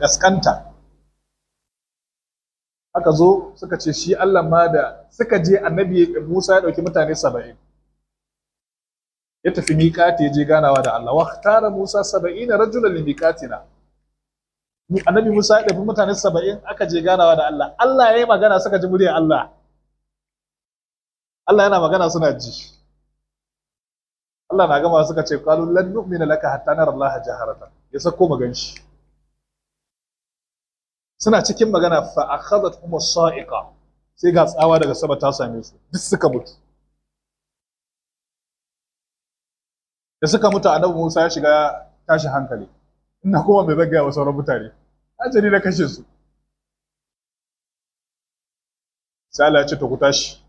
gaskanta aka zo suka ce shi Allah ma da suka je annabi Musa ya ɗauki mutane saba'in ya tafi miƙati ya je ganawa da Allah wa tara Musa saba'ina rajulan li miƙatina annabi Musa ya ɗauki mutane saba'in aka je ganawa da Allah Allah ya yi magana suka ji muryar Allah Allah yana magana suna ji Allah na gama suka ce qalu lan nu'mina laka hatta nara Allah jaharatan ya sako magan shi suna cikin magana fa akhadhat hum sa'iqa sai ga tsawa daga sama ta same su duk suka mutu da suka mutu annabi Musa ya shiga tashi hankali ina kuma mai zagaya wa sauran mutane ajali na kashe su sai Allah ya ce to ku tashi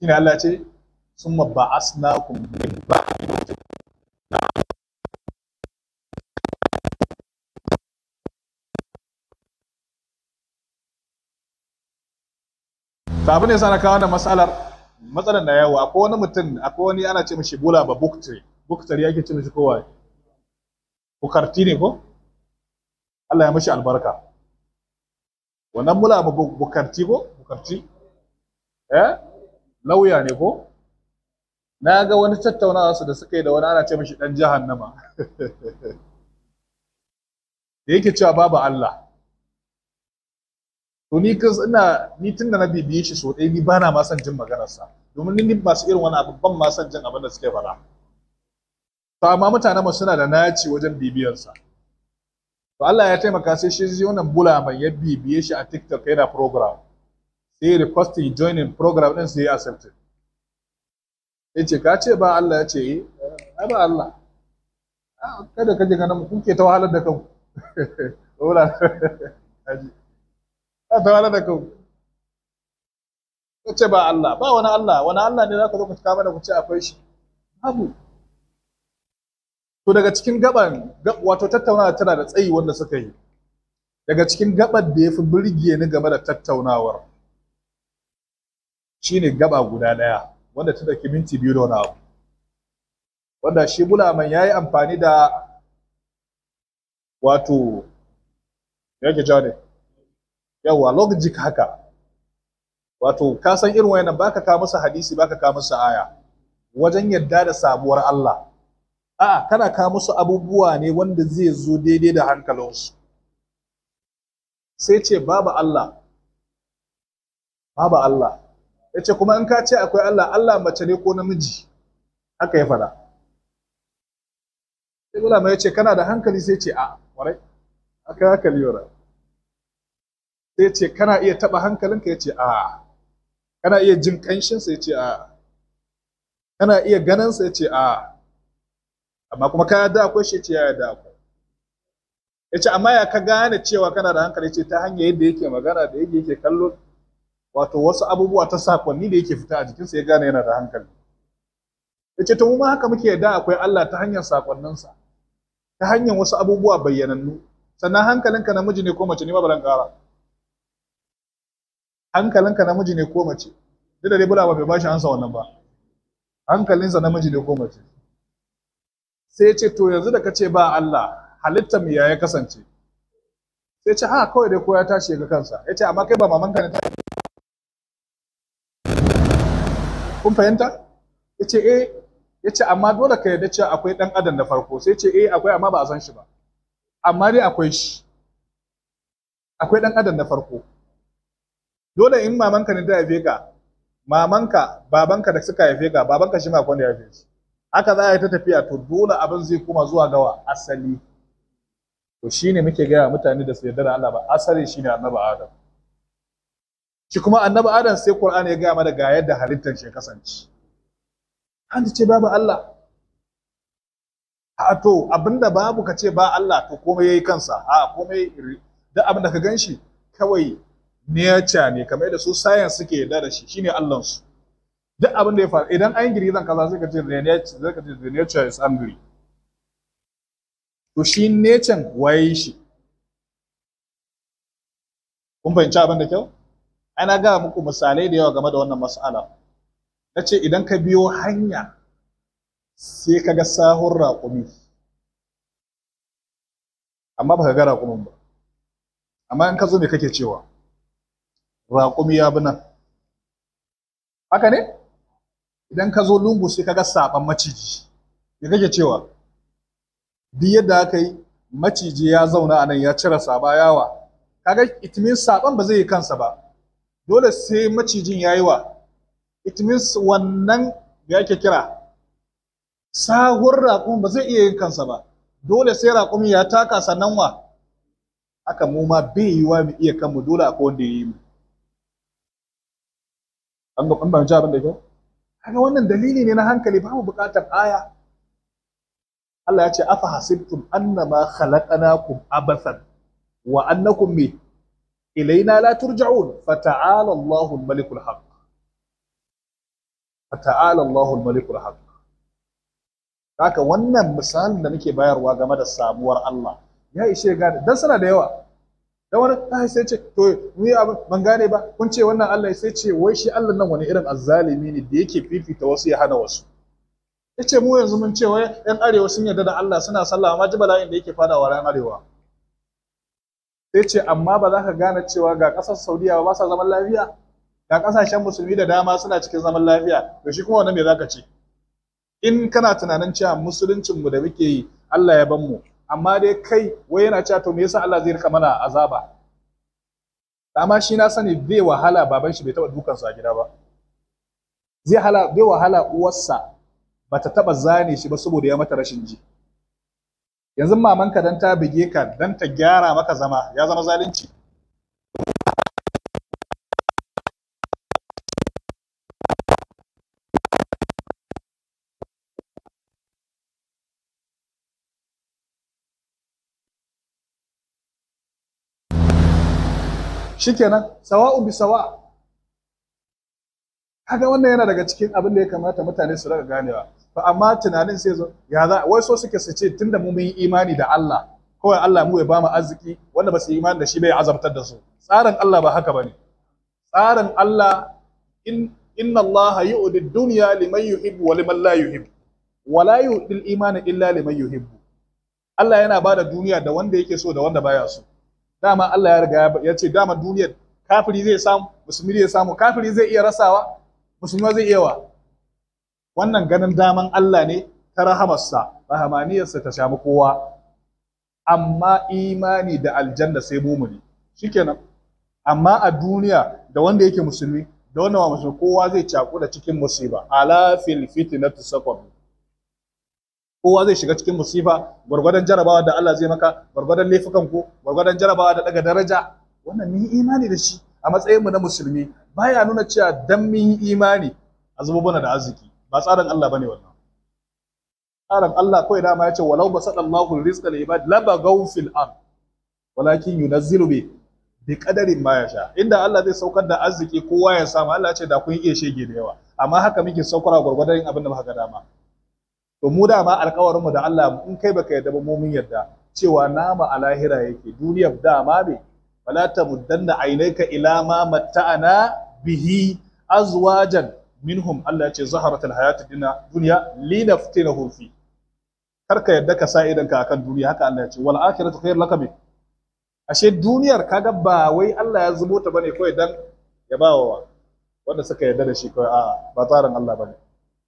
shine Allah ya ce summa ba'asnakum min ba to abin da yasa na kawo da matsalar matsalar na yawa akwai wani mutum akwai wani ana ce mishi bula ba buktri buktri yake ce mishi kowa bukarti ne ko Allah ya mishi albarka wannan bula ba bukarti ko bukarti eh lauya ne ko na ga wani tattaunawa su da suka yi da wani ana ce mishi dan jahannama da yake cewa babu Allah to ni kan ina ni tun da na bibiye shi so ɗaya ni ba na ma son jin maganarsa domin ni masu irin wani abu ban ma son jin abin da suke fara. to amma mutanen mu suna da naci wajen bibiyarsa to Allah ya taimaka sai shi zai wannan bula mai ya bibiye shi a TikTok yana program sai request joining program din sai ya accept ce ka ce ba Allah ya ce eh ba Allah ah, kada ka je mu kuke ta wahalar da kanku dole a da kau ce ba Allah ba wani Allah wani Allah ne za ka zo ka kama da ku ce akwai shi babu to daga cikin gaban wato tattaunawa tana da tsayi wanda suka yi daga cikin gaban da ya fi birge ni game da tattaunawar shine gaba guda ɗaya wanda ta dauki minti biyu da wani abu wanda shi bulaman ya yi amfani da wato yake jawo yawa logic haka wato ka san irin wayannan baka ka masa hadisi baka ka masa aya wajen yadda da sabuwar Allah a'a kana ka musu abubuwa ne wanda zai zo daidai da hankalinsu sai ce babu Allah babu Allah yace kuma in ka ce akwai Allah Allah mace ne ko namiji haka ya faɗa sai mai yace kana da hankali sai ce a warai aka hankali warai sai ce kana iya taɓa hankalinka ya ce a kana iya jin ƙanshinsa ya ce a kana iya ganinsa ya ce a amma kuma ka yarda akwai shi ya ce ya yarda akwai ya ce amma ya ka gane cewa kana da hankali ce ta hanyar yadda yake magana da yadda yake kallo wato wasu abubuwa ta sakonni da yake fita a jikinsa ya gane yana da hankali ya ce to mu ma haka muke yarda akwai Allah ta hanyar sakonninsa ta hanyar wasu abubuwa bayyanannu sannan hankalinka namiji ne ko mace ne ma ba ƙara hankalinka namiji ne ko mace duk da dai bula ba bai bashi ansa wannan ba hankalinsa namiji ne ko mace sai ya ce to yanzu da ka ce ba Allah halitta mi ya kasance sai ya ce ha kawai dai ko ya tashi ga kansa ya ce amma kai ba mamanka ne ta kun fahimta ya ce eh ya ce amma dole ka yarda cewa akwai dan adam da farko sai ya ce eh akwai amma ba a san shi ba amma dai akwai shi akwai dan adam da farko dole in mamanka ne ta haife ka mamanka babanka da suka haife ka babanka shi ma kwan da ya haife shi haka za a yi ta tafiya to dole abin zai koma zuwa gawa asali to shine muke gaya mutane da su yarda da Allah ba asali shine annabi Adam shi kuma annabi Adam sai Qur'ani ya gaya mana ga yadda halittar shi kasance an ce babu Allah a to abinda babu ka ce ba Allah to komai yayi kansa a komai da abinda da ka ganshi kawai nature ne kamar yadda su science suke ya da shi shine Allah su duk abin da ya faru idan an girgiza kaza sai ka ce the nature sai ka ce the nature is angry to shi nature waye shi kun fahimci abin da kyau ana ga muku misalai da yawa game da wannan mas'ala nace idan ka biyo hanya sai ka ga sahun raƙumi amma ba ka ga raƙumin ba amma in ka zo me kake cewa raƙumi ya bi nan haka ne idan ka zo lungu sai ka ga saɓan maciji Ya kake cewa duk yadda aka yi maciji ya zauna a nan ya cire saba yawa kaga itimin means saɓan ba zai yi kansa ba dole sai macijin ya yi wa itimin wannan da yake kira sahur raƙumi ba zai iya yin kansa ba dole sai raƙumi ya taka sannan wa aka mu ma bai yi wa mu iya kanmu dole akwai wanda ya yi mu an ba ban ji abin da kyau kaga wannan dalili ne na hankali babu buƙatar aya Allah ya ce afa hasibtum annama khalaqnakum abathan wa annakum mi ilaina la turja'un fata'ala Allahu al-malikul haqq fata'ala Allahu malikul haqq haka wannan misalin da nake bayarwa game da sabuwar Allah ya ishe gane dan suna da yawa Da wani ai sai ce to ni abu ban gane ba kun ce wannan Allah sai ce wai shi Allah nan wani irin azzalimi ne da yake fifita wasu ya hana wasu yace mu yanzu mun ce wai yan arewa sun yarda da Allah suna sallah amma ji bala'in da yake wa ran arewa sai ce amma ba za ka gane cewa ga ƙasar Saudiya ba sa zaman lafiya ga ƙasashen musulmi da dama suna cikin zaman lafiya to shi kuma wannan me zaka ce in kana tunanin cewa musuluncin mu da muke yi Allah ya ban mu amma dai kai wai yana cewa to me yasa Allah zai rika mana azaba amma shi na sani bai wahala baban shi bai taba dukan a gida ba zai hala bai wahala uwarsa bata taba zane shi ba saboda ya mata rashin ji yanzu mamanka dan ta bige ka dan ta gyara maka zama ya zama zalunci shikenan sawa'u bi sawa kaga wannan yana daga cikin abin da ya kamata mutane su raka ganewa to amma tunanin sai zo ya za wai so suke su ce tunda mu mun yi imani da Allah kawai Allah mu ya bamu arziki wanda ba su yi imani da shi bai azabtar da su tsarin Allah ba haka bane tsarin Allah in inna Allah yu'di dunya liman yuhibbu wa liman la yuhibbu wa la yu'di al-imana illa liman yuhibbu Allah yana bada duniya da wanda yake so da wanda baya so dama Allah ya riga ya ce dama duniyar kafiri zai samu musulmi zai samu kafiri zai iya rasawa musulma zai iya wa wannan ganin daman Allah ne ta rahamarsa rahamaniyarsa ta shafi kowa amma imani da aljanna sai mumuni shikenan amma a duniya da wanda yake musulmi da wanda ba musulmi kowa zai da cikin musiba ala fil fitnatu saqab kowa zai shiga cikin musifa gwargwadon jarabawa da Allah zai maka gwargwadon laifukan ku gwargwadon jarabawa da daga daraja wannan mun imani da shi a matsayin mu na musulmi baya nuna cewa dan mun yi imani a da arziki ba tsarin Allah bane wannan tsarin Allah kawai dama ya ce walau basallallahu rizqa li ibad bagaw fil ard walakin yunazzilu bi bi kadarin ma ya sha inda Allah zai saukar da arziki kowa ya samu Allah ya ce da kun iya shege da yawa amma haka muke saukar gwargwadon abin da muka ga dama to mu dama alkawarin mu da Allah in kai baka yarda ba mu mun yarda cewa nama a lahira yake duniyar dama be wala muddanna ainaika ila ma matta'ana bihi azwajan minhum Allah ce zaharatul hayatid dunya dunya linaftinahum fi karka yarda ka sa idan ka akan duniya haka Allah ya ce wal akhiratu khairul laka bi ashe duniyar kaga ba wai Allah ya zubo ta bane kawai dan ya ba wa wanda suka yarda da shi kawai a'a ba tsarin Allah bane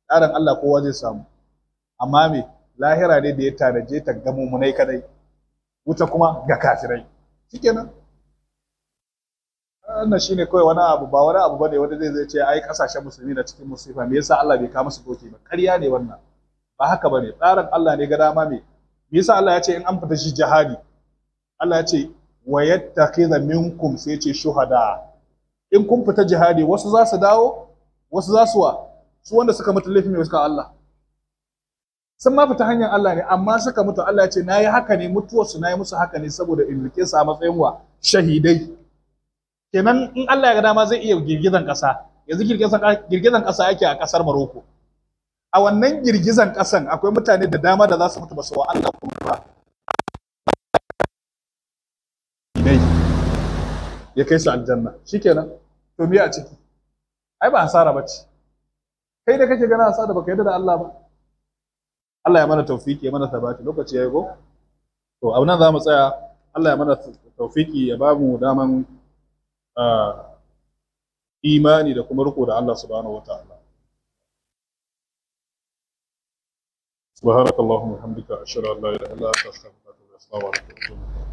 tsarin Allah kowa zai samu amma me lahira ne da ya tanaje ta ga mummunai kadai wuta kuma ga kafirai shikenan wannan shine kawai wani abu ba wani abu bane wanda zai zai ce ai kasashen musulmi na cikin musifa me yasa Allah bai ka musu doki ba ƙarya ne wannan ba haka bane tsarin Allah ne ga dama me me yasa Allah ya ce in an fita shi jihadi Allah ya ce wa yattakhidha minkum sai ya ce shuhada in kun fita jihadi wasu za su dawo wasu za su wa su wanda suka mutu laifin mai suka Allah sun ma fita hanyar Allah ne amma suka mutu Allah ya ce na yi haka ne mutuwarsu na yi musu haka ne saboda in rike su a matsayin wa shahidai kenan in Allah ya ga dama zai iya girgizan ƙasa yanzu girgizan ƙasa ake a ƙasar Maroko a wannan girgizan ƙasan akwai mutane da dama da za su mutu ba su wa Allah kuma ya kai su aljanna shikenan to me a ciki ai ba ba bace kai da kake gana ba ka yadda da Allah ba Allah ya mana tawfiki ya mana sabati lokaci ya go to a nan za mu tsaya Allah ya mana tawfiki ya ba mu daman imani da kuma riko da Allah subhanahu wataala سبحانك اللهم